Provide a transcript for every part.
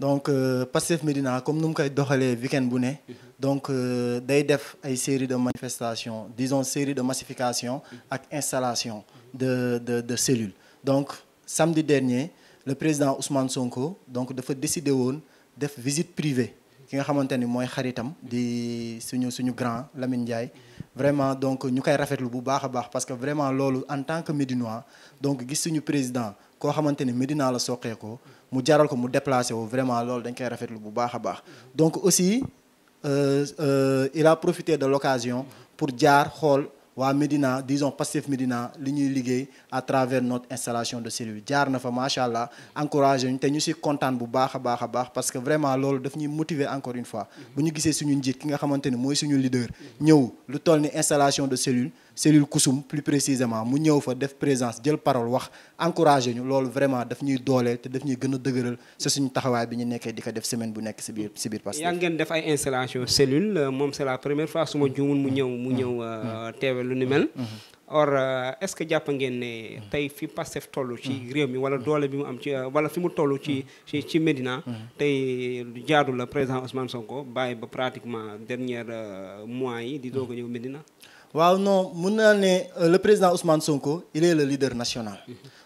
donc euh, Pastef Médina comme nu mu koy doxalee week bu ne donc euh, day def ay série de manifestation disons série de massification ak installation de de de cellules donc samedi dernier le président Ousmane Sonko donc dafa décidé woon def visite privée ki nga xamante ni mooy xaritam di suñu suñu grand Lamine Ndiaye vraiment donc ñu koy rafetlu bu baax a baax parce que vraiment loolu en tant que Médinois donc gis suñu président koo xamante ne Médina la soqeekoo mu jaral ko mu déplacé wu vraiment loolu dañ koy rafetlu bu baax a baax donc aussi euh, euh, il a profité de l'occasion pour jaar xool waa Médina disons Pastef Médina li ñuy liggéey à travers notre installation de cellule jaar na fa macha allah encouragé ñu te ñu si kontaan bu baax a baax a baax parce que vraiment loolu daf ñuy motiver encore une fois bu ñu gisee suñu njiit ki nga xamante ni mooy suñu leader ñëw lu toll ni installation de cellule cellule Kusum plus précisément mu ñëw fa def présence jël parole wax encouragé ñu loolu vraiment daf ñuy doole te daf ñuy gën a dëgëral si suñu taxawaay bi ñu nekkee di ko def semaine bu nekk si biir si biir Pastef. yaa ngeen def ay installation cellule euh, moom c'est la première fois su ma juumul mu ñëw mu ñëw euh, mm-hmm. mm-hmm. teewe lu ni mel. Mm-hmm. or euh, est-ce que jàpp ngeen ne tey fi Pastef tollu ci réew mi wala doole bi mu am ci wala fi mu toll ci ci ci Médina tey jaadu la président Ousmane Sonko bàyyi ba pratiquement dernier mois yi di doog a ñëw waaw non mun naa ne euh, le président Ousmane Sonko il est le leader national.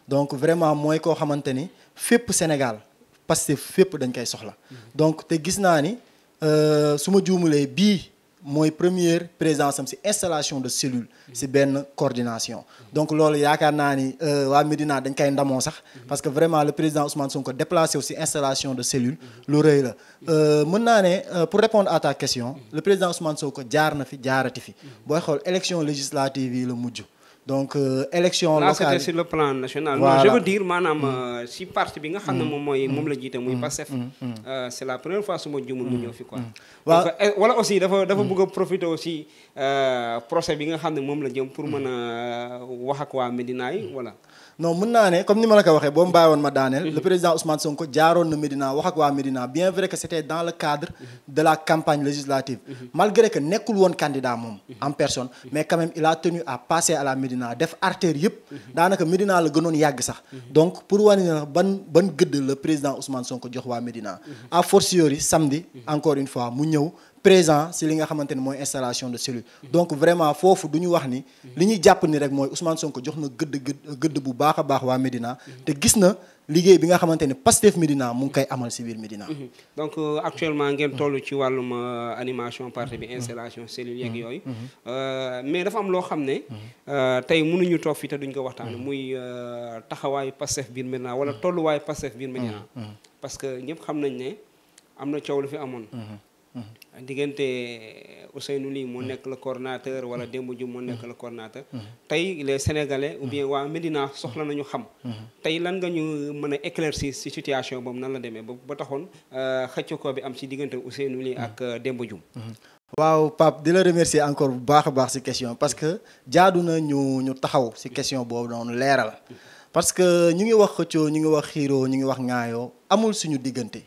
donc vraiment mooy koo xamante ni fépp Sénégal parce que fépp dañ koy soxla. donc te gis naa ni euh, su ma juumulee bii. mooy première présence am si installation de cellule si benn coordination donc loolu yaakaar naa ni euh, waa Médina dañ koy ndamoo sax parce que vraiment le président Ousmane ko déplacé aussi installation de cellule lu rëy la euh, mën naa ne euh, pour répondre à ta question le président Ousmane ko jaar na fi jaarati fi booy xool élection législative yi la mujj donc euh, élection locale là c'était sur le plan national. voilà je veux dire maanaam mm. euh, si parti bi nga xam ne moom mooy mm. moom la jiite muy mm. Pastef. Euh, c'est la première fois su ma jumul mu ñëw fi quoi. waaw wala aussi dafa dafa bëgg a profiter aussi procès bi nga xam ne moom la jëm pour mën a wax ak waa Médina yi voilà. non mën naa ne comme ni ma la ko waxee boo mu bàyyi woon ma daaneel mhm. le président Ousmane Sonko jaaroon na Médina wax ak waa Médina bien vrai que c' dans le cadre mhm. de la campagne législative mhm. malgré que nekkul woon candidat moom en personne mais quand même il a tenu à passer à la Médina def artère yëpp daanaka Médina la gënoon yàgg sax donc pour wane na ban ban gëdd le président Ousmane Sonko jox waa Médina a fortiori samedi encore une fois mu ñëw présent si li nga xamante ne mooy installation de cellule donc vraiment foofu du ñu wax ni li ñuy jàpp ni rek mooy Ousmane ko jox na gëdd gëdd gëdd bu baax a baax waa Médina te gis na liggéey bi nga xamante ne Pastef Médina mu ngi koy amal si biir Médina mhm. donc euh, actuellement ngeen toll ci wàllum euh, animation partie bi installation cellule yeeg yooyu mhm. Mhm. Euh, mais dafa am loo xam ne tey mënuñu toog fii te duñ ko waxtaane muy taxawaayu Pastef biir Médina wala tolluwaayu Pastef biir Médina parce que ñëpp xam nañ ne am na coow lu fi amoon diggante euh, Ousseynou lii moo nekk la coordonnateur wala Demba Diouf moo nekk le coordonnateur mm-hmm. tey les sénégalais ou bien waa Médina soxla nañu xam mm-hmm. tey lan nga ñu mën a éclaircir si situation boobu nan la demee ba ba taxoon euh, xëcc ko bi am si diggante Ousseynou Ly ak mm-hmm. euh, Demba Diouf waaw Pape di la remercier encore bu baax a baax si question parce que jaadu na ñu ñu taxaw si question boobu noonu leeral parce que ñu ngi wax xëccoo ñu ngi wax xiiroo ñu ngi wax ŋaayoo amul suñu diggante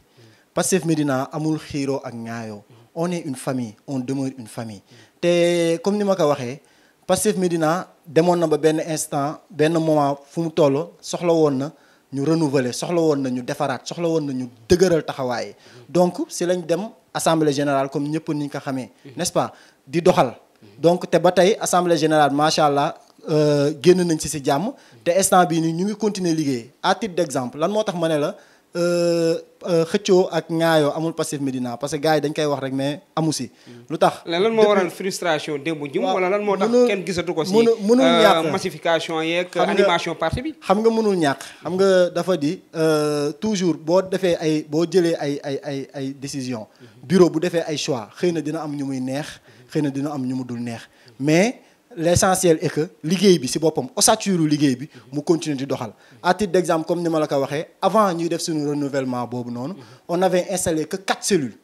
Pastef Médina amul xiiro ak ñaayoo on est une famille on demeure une famille te comme ni ma ko waxee Pastef Médina demoon na ba benn instant benn moment fu mu toll soxla woon na ñu renouveler soxla woon na ñu defaraat soxla woon na ñu dëgëral taxawaay donc si lañ dem assemblée général comme ñëpp ni ñu ko xamee n'est-ce pas di doxal donc te ba tey assemble général macha allah euh, génn nañ ci si jàmm te instant bii nii ñu ngi continuer liggéey à titre d'exemple lan moo tax ma ne la euh, Euh, xëccoo ak ŋaayoo amul Pastef Médina parce que gars yi dañ koy wax rek mais amu si lu tax lan moo waral frustration démb jëm wala lan moo tax kenn gisatu ko si mënul euh, ñàkk massification yeeg animation parti bi xam nga mënul ñàkk xam nga dafa di euh, toujours boo defee ay boo jëlee ay ay ay ay décision mhm. bureau bu defee ay choix xëy na dina am ñu muy neex xëy na dina am ñu mu dul neex mais l' essentiel est que liggéey bi si boppam ossature liggéey bi mu continuer di doxal à titre comme ni ma la ko waxee avant ñuy def suñu renouvellement boobu noonu on avait installé que quatre cellules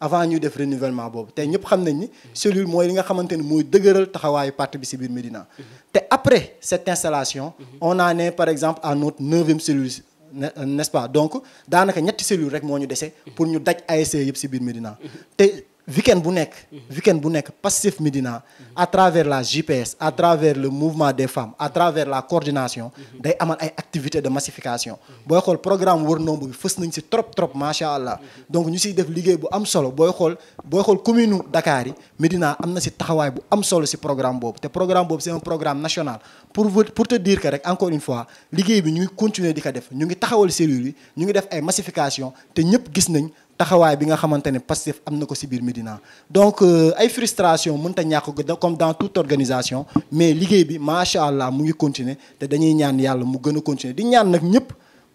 avant ñuy def renouvellement boobu te ñëpp xam nañ ni cellule mooy li nga xamante ni mooy dëgëral taxawaayu parti bi si biir Médina te après cette installation on en est par exemple à notre neuvième cellule n'est-ce pas donc daanaka ñetti cellule rek moo ñu dese pour ñu daj ASC e yëpp si biir Médina te weekend bu nekk. weekend bu nekk Pastef Médina à travers la JPS à travers le mouvement des femmes à travers la coordination. day amal ay activités de massification. booy xool programme wër nombre bi fës nañ si trop trop macha allah. donc ñu siy def liggéey bu am solo booy xool booy xool commune Dakar yi Médina am na si taxawaay bu am solo si programme boobu te programme boobu c'est un programme national pour pour te dire que rek encore une fois liggéey bi ñu ngi continuer def ñu ngi taxawal cellules ñu ngi def ay massification te ñëpp gis nañ. taxawaay bi nga xamante ne Pastef am na ko ci biir Médina donc euh, ay frustration mën ta ñàkk comme dans toute organisation mais liggéey bi macha allah mu ngi continuer te dañuy ñaan yàlla mu gën a continuer di ñaan nag ñëpp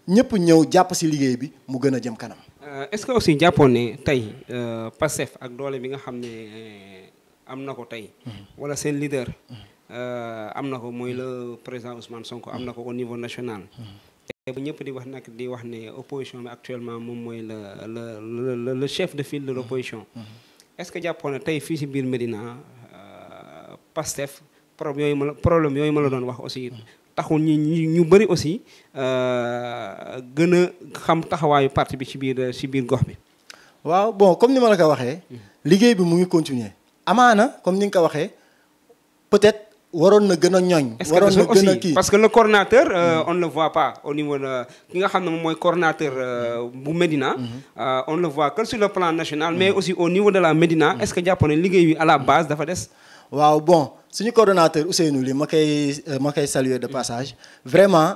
ñëpp ñëw jàpp ci liggéey bi mu gën a jëm kanam. Euh, est-ce que aussi jàppoon ne tey euh, Pastef ak doole bi nga xam ne am na ko tey. Mhm. wala seen leader. Mhm. am na ko mooy le président Ousmane sonk am na ko au niveau national. Mhm. bu ñëpp di wax nag di wax ne opposition bi actuellement moom mooy le le le chef de file de mm-hmm. l' opposition. Mm-hmm. est-ce que jàppoon na tey fii ci biir Médina euh, Pastef problème yooyu ma la problème yooyu ma la doon wax aussi. Mm-hmm. taxul ñu ñu bëri aussi euh, gën a xam taxawaayu parti bi ci biir ci biir gox bi. waaw bon comme ni ma la ko waxee. liggéey bi mu ngi continuer amaana comme ni nga ko waxee waroon na gën a ñoñ. waroon na gën a kii parce que le coordonnateur euh, on le voit pas au niveau de ki nga xam ne moom mooy coordonnateur euh, bu Médina. Mhm. Euh, on ne le voit que sur le plan national. mais mhm. aussi au niveau de la Médina mhm. est-ce que jàpp ne liggéey bi à la base dafa des. waaw bon suñu coordonnateur Ousseynou lii ma kay ma koy saluer de passage vraiment.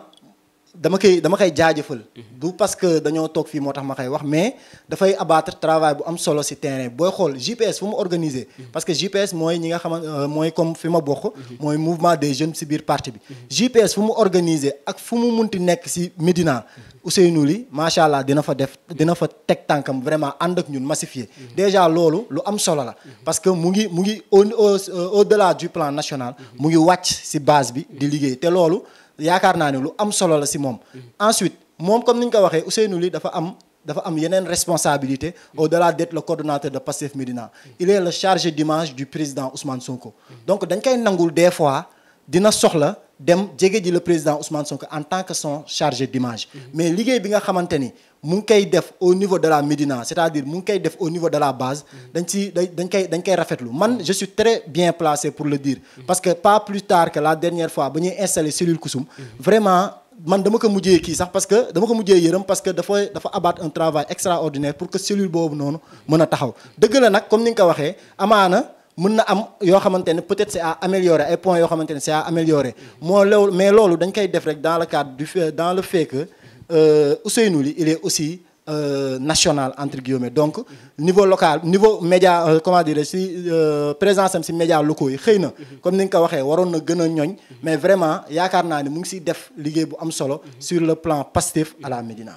dama koy dama koy jaajëfal. du parce que dañoo toog fii moo tax ma koy wax mais dafay abattre travail bu am solo si terrain booy xool GPS fu mu organiser. parce que GPS mooy ñi nga xamante euh, mooy comme fi ma bokk. mooy mouvement des jeunes si biir parti bi. GPS fu mu organiser ak fu mu munti nekk si Médina Ousseynou li macha allah dina fa def dina fa teg tànkam vraiment ànd ak ñun massifier. déjà loolu lu am solo la. parce que mu ngi mu ngi au au delà du plan national. mu ngi wàcc si base bi di liggéey te loolu. yaakaar naa ne lu am solo la si moom. Mm-hmm. ensuite moom comme ni ñu ko waxee nu lii dafa am dafa am yeneen responsabilité mm-hmm. au-delà d'être le coordonnateur de Pastef Médina mm-hmm. il est le chargé d'image du président Ousmane Sonko. donc dañ koy nangul des fois dina soxla. dem jege ji le président Ousmane Sonko en tant que son chargé d'image mhm. mais liggéey bi nga xamante ni mu ngi koy def au niveau de la Médina c'est-à-dire mu ngi koy def au niveau de la base mhm. dañ ci dañ koy dañ koy rafetlu man mhm. je très bien placé pour le dire parce que pas plus tard que la dernière fois ba ñuy installé cellule Koussoum vraiment man dama ko mujjee kii sax parce que dama ko mujjee yërëm parce que dafa dafa abattre un travail extraordinaire pour que cellule boobu a taxaw dëgg ko waxee amaana mën na am yoo xamante ne peut-être c'est à améliorer ay point yoo xamante ne c'est à améliorer moo loolu mais loolu dañ koy def rek dans le cadre du fait dans le fait que euh, Ousseynou li il est aussi euh, national entre guillemets donc niveau local niveau média euh, comment dire si présence am si média locaux yi xëy na comme ni nga ko waxee waroon na gën a ñoñ mais vraiment yaakaar naa ne mu ngi siy def liggéey bu am solo sur le plan Pastef à la Médina